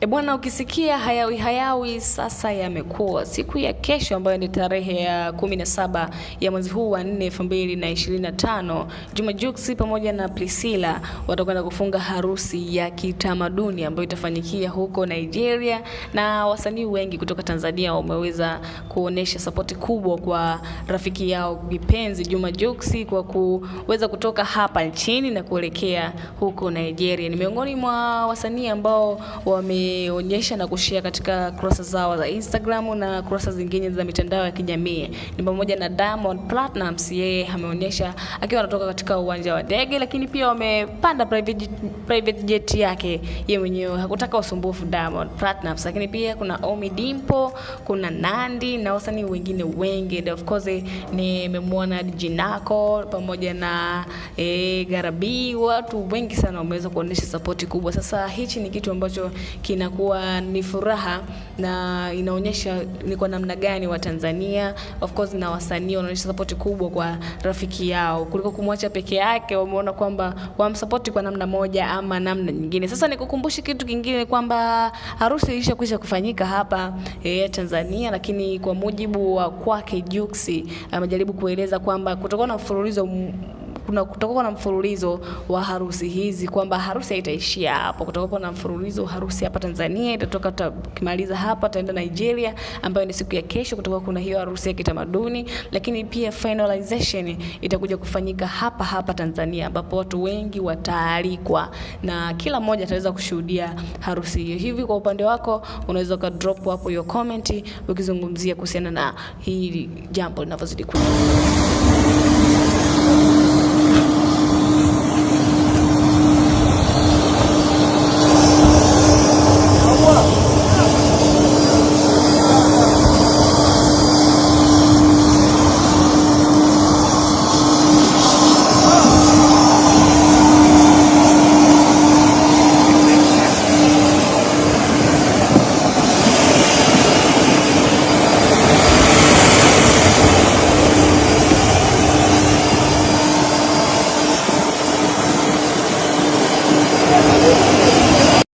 E bwana, ukisikia hayawi hayawi sasa yamekuwa. Siku ya kesho ambayo ni tarehe ya 17 ya mwezi huu wa 4 2025, Juma Jux pamoja na Priscilla watakwenda kufunga harusi ya kitamaduni ambayo itafanyikia huko Nigeria, na wasanii wengi kutoka Tanzania wameweza kuonesha sapoti kubwa kwa rafiki yao kipenzi Juma Jux kwa kuweza kutoka hapa nchini na kuelekea huko Nigeria. Ni miongoni mwa wasanii ambao wame wameonyesha na kushare katika kurasa zao za Instagram na kurasa zingine za mitandao ya kijamii. Ni pamoja na Diamond Platnumz, yeye ameonyesha akiwa anatoka katika uwanja wa ndege, lakini pia wamepanda private, private jet yake yeye mwenyewe, hakutaka usumbufu Diamond Platnumz. Lakini pia kuna Omi Dimpo, kuna Nandi na wasanii wengine wengi. Of course nimemwona DJ Nako pamoja na e, Garabi, watu wengi sana wameweza kuonyesha support kubwa. Sasa hichi ni kitu ambacho kina inakuwa ni furaha na inaonyesha ni kwa namna gani Watanzania of course na wasanii wanaonyesha sapoti kubwa kwa rafiki yao kuliko kumwacha peke yake. Wameona kwamba wamsapoti kwa namna moja ama namna nyingine. Sasa nikukumbushe kitu kingine kwamba harusi ilishakwisha kufanyika hapa e, Tanzania, lakini kwa mujibu wa kwake Juksi amejaribu kueleza kwamba kutokana na mfululizo kuna kutakuwa na mfululizo wa harusi hizi, kwamba harusi haitaishia hapo, kutakuwa na mfululizo wa harusi hapa Tanzania, itatoka tukimaliza hapa taenda Nigeria, ambayo ni siku ya kesho, kutakuwa kuna hiyo harusi ya kitamaduni, lakini pia finalization itakuja kufanyika hapa hapa Tanzania, ambapo watu wengi wataalikwa na kila mmoja ataweza kushuhudia harusi hiyo. Hivi kwa upande wako unaweza ka drop hapo your comment ukizungumzia kuhusiana na hili jambo linavyozidi kuwa